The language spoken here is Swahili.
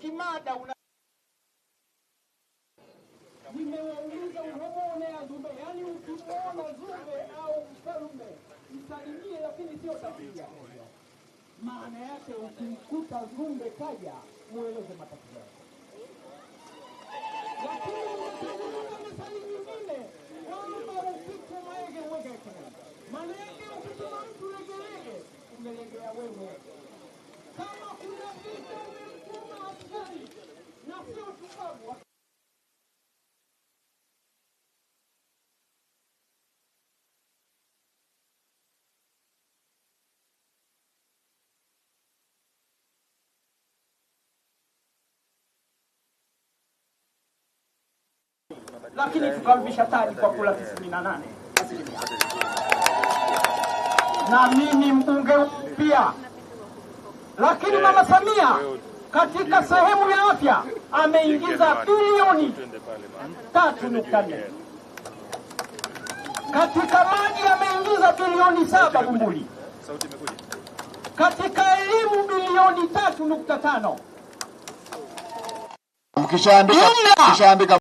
kimada una nimewauliza unamuonea Zumbe, yaani ukimwona Zumbe au Mkarume msalimie, lakini sio tabia. Maana yake ukimkuta Zumbe kaja, mueleze matatizo yako, lakini unatazama misali nyingine kwamba upite maege uwegeke. Maana yake ukituma mtu legelege, umelegea wewe, kama kuna vitu lakini tukarudisha taji kwa kula 98 Na mimi mbunge pia, lakini eh, mama Samia eh, katika eh, sehemu ya afya ameingiza bilioni tatu katika maji ameingiza bilioni saba Bumbuli, katika elimu bilioni 35 mkishaandika